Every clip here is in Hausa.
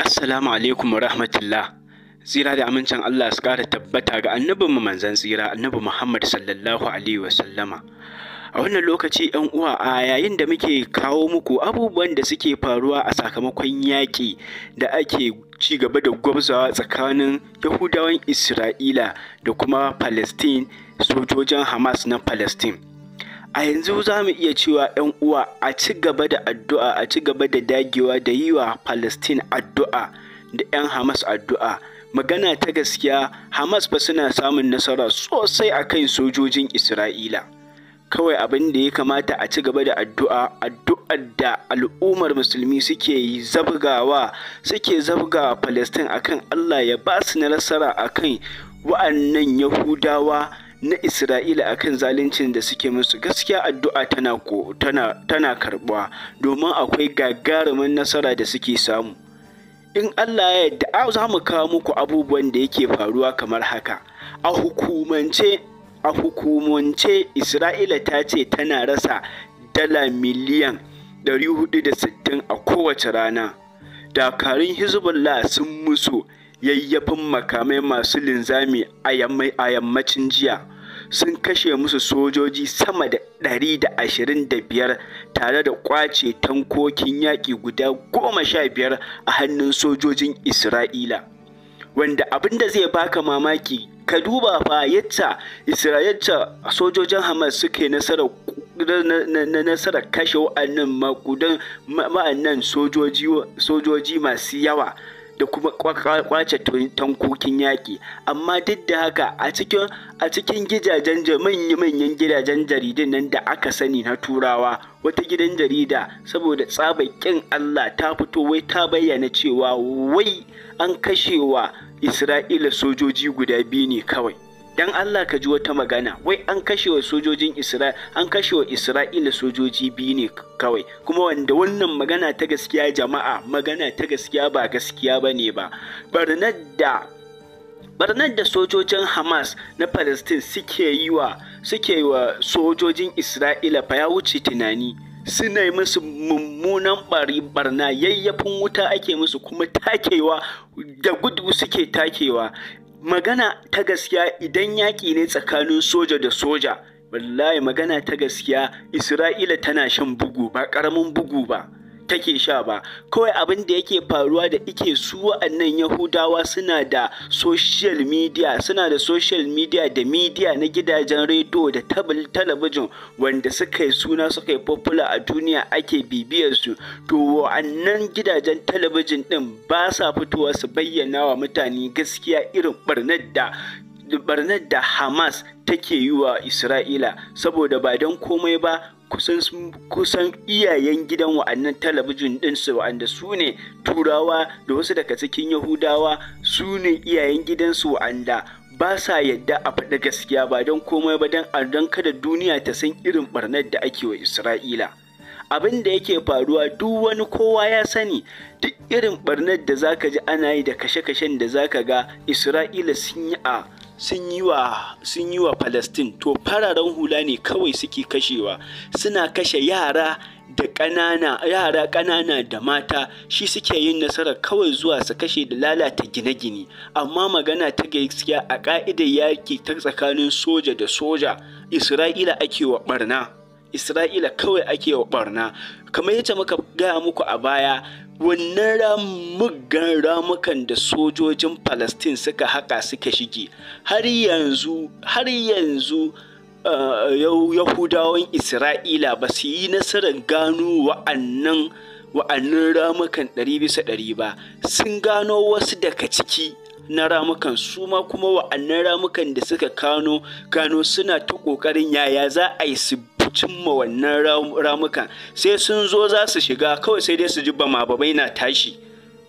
Assalamu alaikum wa rahmatullah. Tsira da amincin Allah su ƙara tabbata ga annabin mu manzan tsira annabi Muhammad sallallahu alaihi wa sallama. A wannan lokaci ‘yan uwa a yayin da muke kawo muku abubuwan da suke faruwa a sakamakon yaƙi da ake ci gaba da gwabzawa tsakanin Yahudawan Isra'ila da kuma Palestine sojojin Hamas na Palestine. a yanzu za mu iya cewa 'yan uwa a ci gaba da addu'a a ci gaba da dagewa da yi wa palestine addu'a da 'yan hamas addu'a magana ta gaskiya hamas ba suna samun nasara sosai a kan sojojin isra'ila kawai abin da ya kamata a ci gaba da addu'a addu'ar da al'ummar musulmi suke yi zabgawa suke zabgawa palestine akan allah ya ba su nasara akan wa'annan yahudawa na Isra'ila akan zaluncin da suke musu gaskiya addu'a tana ko tana tana karbuwa domin akwai gagarumin nasara da suke samu in Allah ya yarda za mu kawo muku abubuwan da yake faruwa kamar haka a hukumance a hukumance Isra'ila ta ce tana rasa dala miliyan 460 a kowace rana dakarun Hezbollah sun musu yayyafin makamai masu linzami a yammacin jiya sun kashe musu sojoji sama da ɗari da ashirin da biyar tare da ƙwace tankokin yaƙi guda goma sha biyar a hannun sojojin Isra'ila. Wanda abin da zai baka mamaki ka duba fa yadda Isra'ila sojojin Hamas suke nasara na nasarar kashe wa'annan makudan sojoji masu yawa da kuma kwace tankokin yaƙi amma duk da haka a cikin a cikin gidajen manyan gidajen jaridun nan da aka sani na turawa wata gidan jarida saboda tsabakin Allah ta fito wai ta bayyana cewa wai an kashewa Isra'ila sojoji guda biyu ne kawai dan Allah ka ji wata magana wai an kashe wa sojojin Isra'ila an kashe wa Isra'ila sojoji biyu ne kawai kuma wanda wannan magana ta gaskiya jama'a magana ta gaskiya ba gaskiya bane ba barnar da barnar da sojojin Hamas na Palestine suke yi wa suke wa sojojin Isra'ila fa ya wuce tunani suna yi musu mummunan barna yayyafin wuta ake musu kuma takewa da gudu suke takewa magana ta gaskiya idan yaƙi ne tsakanin soja da soja wallahi magana ta gaskiya isra'ila tana shan bugu ba ƙaramin bugu ba take sha ba kawai abin da yake faruwa da ike su wa'annan yahudawa suna da social media suna da social media da media na gidajen rediyo da talabijin wanda suka yi suna suka yi popular a duniya ake bibiyar su to wa'annan gidajen talabijin din ba sa fitowa su bayyana wa mutane gaskiya irin barnar da barnar da Hamas take yi wa Isra'ila saboda ba don komai ba kusan iyayen gidan wa'annan talabijin ɗinsu wa'anda su ne turawa da wasu daga cikin yahudawa su ne iyayen gidansu wa'anda ba sa yadda a faɗa gaskiya ba don komai ba don kada duniya ta san irin barnar da ake wa isra'ila abin da yake faruwa duk wani kowa ya sani duk irin barnar da zaka ji ana yi da kashe-kashen da zaka ga isra'ila sun yi a sun yi wa Falastin to fararen hula ne kawai suke kashewa suna kashe yara da ƙanana yara ƙanana da mata shi suke yin nasarar kawai zuwa su kashe da lalata gine-gine amma magana ta gaskiya a ƙa'idar yaƙi ta tsakanin soja da soja Isra'ila ake wa ɓarna. isra'ila kawai ake wa barna kamar yadda muka gaya muku a baya wannan ramugan ramukan da sojojin palestine suka haka suka shige har yanzu har yanzu eh, yahudawan isra'ila ba su yi nasarar gano wa'annan wa'annan ramukan ɗari bisa ɗari ba sun gano wasu daga ciki na ramukan su ma kuma wa'annan ramukan da suka kano kano suna ta ƙoƙarin yaya za a yi su cimma wannan ramukan sai sun zo za su shiga kawai sai dai su ji bama na tashi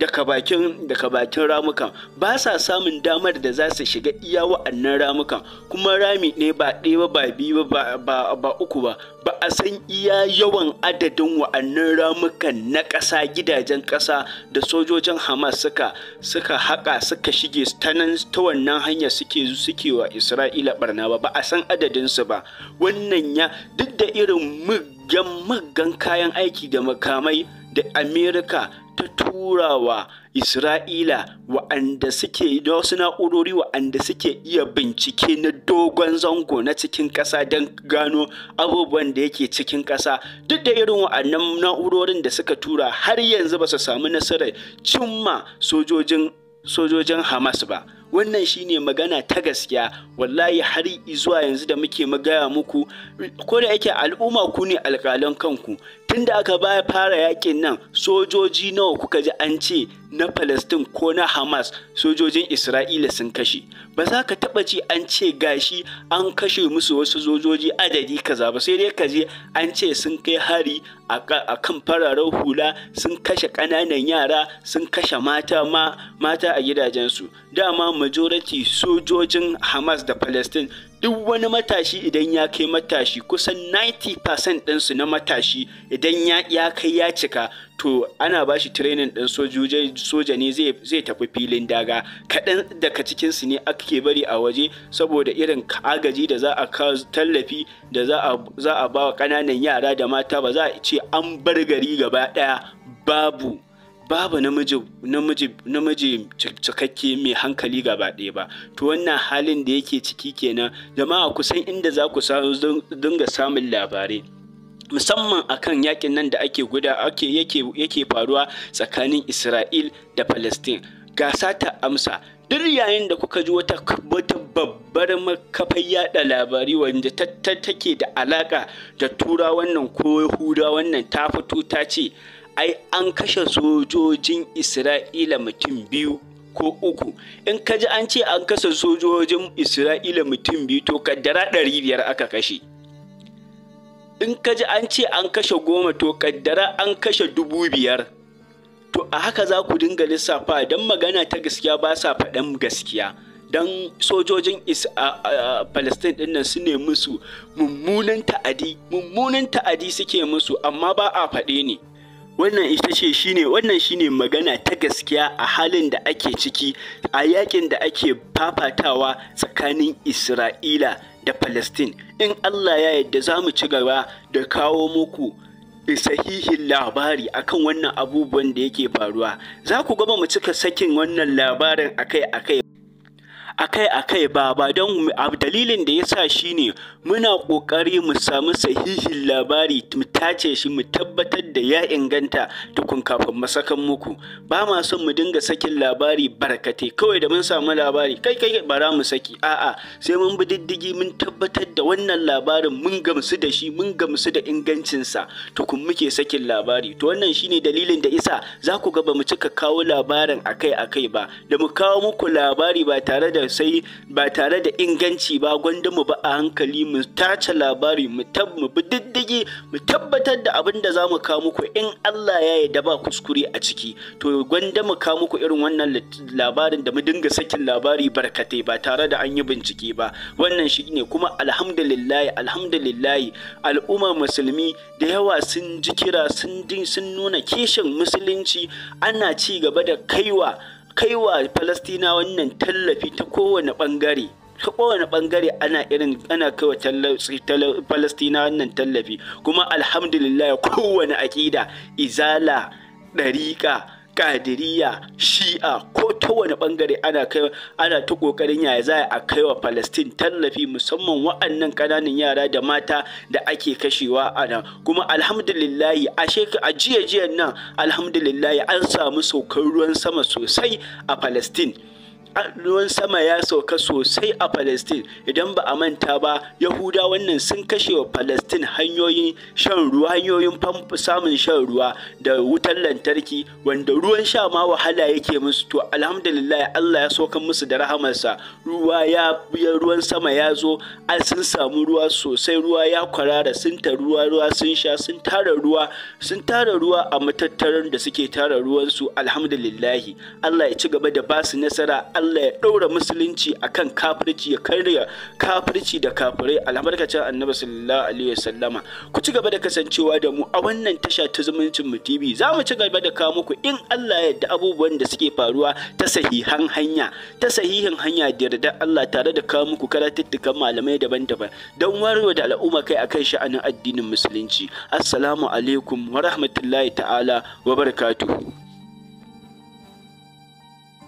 daga bakin daga bakin ramukan ba sa samun damar da za su shiga iya wa'annan ramukan kuma rami ne ba ɗaya ba biyu ba ba uku ba ba a san iya yawan adadin wa'annan ramukan na ƙasa gidajen ƙasa da sojojin hamas suka suka haƙa suka shige ta nan ta wannan hanya suke suke wa isra'ila barna ba ba a san adadin su ba wannan ya duk da irin muggan muggan kayan aiki da makamai da amerika ta tura wa Isra'ila wa'anda suke da wasu na'urori wa'anda suke iya bincike na dogon zango na cikin ƙasa don gano abubuwan da yake cikin ƙasa duk da irin wa'annan na'urorin da suka tura har yanzu ba su samu nasarar cimma sojojin Hamas ba wannan shine magana ta gaskiya wallahi har zuwa yanzu da muke magaya muku ko da yake al'umma ku ne alƙalan kanku tunda aka baya fara yakin nan sojoji nawa kuka ji an ce na Palestine ko na Hamas sojojin Isra'ila sun kashe. Ba za ka taɓa ci an ce gashi an kashe musu wasu sojoji adadi kaza ba sai dai ka je an ce sun kai hari a kan fararen hula sun kashe ƙananan yara sun kashe mata ma mata a gidajensu. Dama majority sojojin Hamas da Palestine duk wani matashi idan ya kai matashi kusan 90% ɗinsu na matashi idan ya kai ya cika to ana ba shi training ɗin soja ne zai tafi filin daga kaɗan daga cikinsu ne ake bari a waje saboda irin agaji da za a tallafi da za a ba wa ƙananan yara da mata ba za a ce an bar gari gaba ɗaya babu babu namiji namiji namiji cikakke mai hankali gaba ɗaya ba to wannan halin da yake ciki kenan jama'a kusan inda za ku dinga samun labarai musamman akan yakin nan da ake guda ake yake yake faruwa tsakanin Isra'il da Palestine gasa ta amsa duk yayin da kuka ji wata babbar makafai yada labari wanda take da alaka da tura wannan ko yahuda wannan ta fito ta ce ai an kashe sojojin isra'ila mutum biyu ko uku in ka ji an ce an kashe sojojin isra'ila mutum biyu to kaddara ɗari biyar aka kashe in ka ji an ce an kashe goma to kaddara an kashe dubu biyar to a haka za ku dinga lissafa don magana ta gaskiya ba sa faɗan gaskiya don sojojin palestine ɗin nan su ne musu mummunan ta'adi mummunan ta'adi suke musu amma ba a faɗe ne wannan ita ce shine wannan ne magana ta gaskiya a halin da ake ciki a yakin da ake fafatawa tsakanin Isra'ila da Palestine in Allah ya yadda za mu ci gaba da kawo muku sahihin labari akan wannan abubuwan da yake faruwa za ku gaba mu cika sakin wannan labarin akai-akai akai-akai ba ba don dalilin da ya sa shi ne muna ƙoƙari mu samu sahihin labari mu tace shi mu tabbatar da ya inganta tukun kafin masakan muku ba ma son mu dinga sakin labari barkate, kawai da mun samu labari kai kai bara mu saki a'a sai mun bi diddigi mun tabbatar da wannan labarin mun gamsu da shi mun gamsu da ingancinsa tukun muke sakin labari to wannan shine dalilin da isa za ku ga ba mu cika kawo labarin akai-akai ba da mu kawo muku labari ba tare da sai ba tare da inganci ba gwanda mu ba a hankali mu tace labari mu tab mu bi diddigi mu tabbatar da abin da zamu kawo muku in Allah ya yarda ba kuskure a ciki to gwanda mu kawo muku irin wannan labarin da mu dinga sakin labari barkatai ba tare da an yi bincike ba wannan shine kuma alhamdulillahi alhamdulillahi al'umma musulmi da yawa sun ji kira sun nuna kishin musulunci ana ci gaba da kaiwa kaiwa Falastina wannan tallafi ta kowane ɓangare. ta kowane bangare ana irin ana kaiwa Falastina wannan tallafi kuma alhamdulillah kowane aƙida izala ɗariƙa kadiriya shi'a ko ta wani bangare ana kai ana ta kokarin yaya za a kai wa palestine tallafi musamman wa'annan kananan yara da mata da ake kashewa a nan kuma alhamdulillahi a a jiya jiyan nan alhamdulillahi an samu saukar ruwan sama sosai a palestine ruwan sama ya sauka sosai a Palestine idan ba a manta ba Yahuda wannan sun kashe wa Palestine hanyoyin shan ruwa hanyoyin samun shan ruwa da wutar lantarki wanda ruwan sha ma wahala yake musu to alhamdulillah Allah ya sauka musu da rahamarsa ruwa ya ruwan sama ya zo sun samu ruwa sosai ruwa ya kwarara sun ta ruwa ruwa sun sha sun tara ruwa sun tara ruwa a matattaran da suke tara ruwansu alhamdulillah. Allah ya ci gaba da basu nasara Allah ya ɗaura musulunci akan kafirci ya karya kafirci da kafirai albarkacin annabi sallallahu alaihi wasallama ku ci gaba da kasancewa da mu a wannan tasha ta zumuncin mu TV za mu ci gaba da kawo muku in Allah ya yarda abubuwan da suke faruwa ta sahihan hanya ta sahihin hanya da yarda Allah tare da kawo muku karatuttukan malamai daban-daban don warwa da al'umma kai akan sha'anin addinin musulunci assalamu alaikum wa rahmatullahi ta'ala wa barakatuhu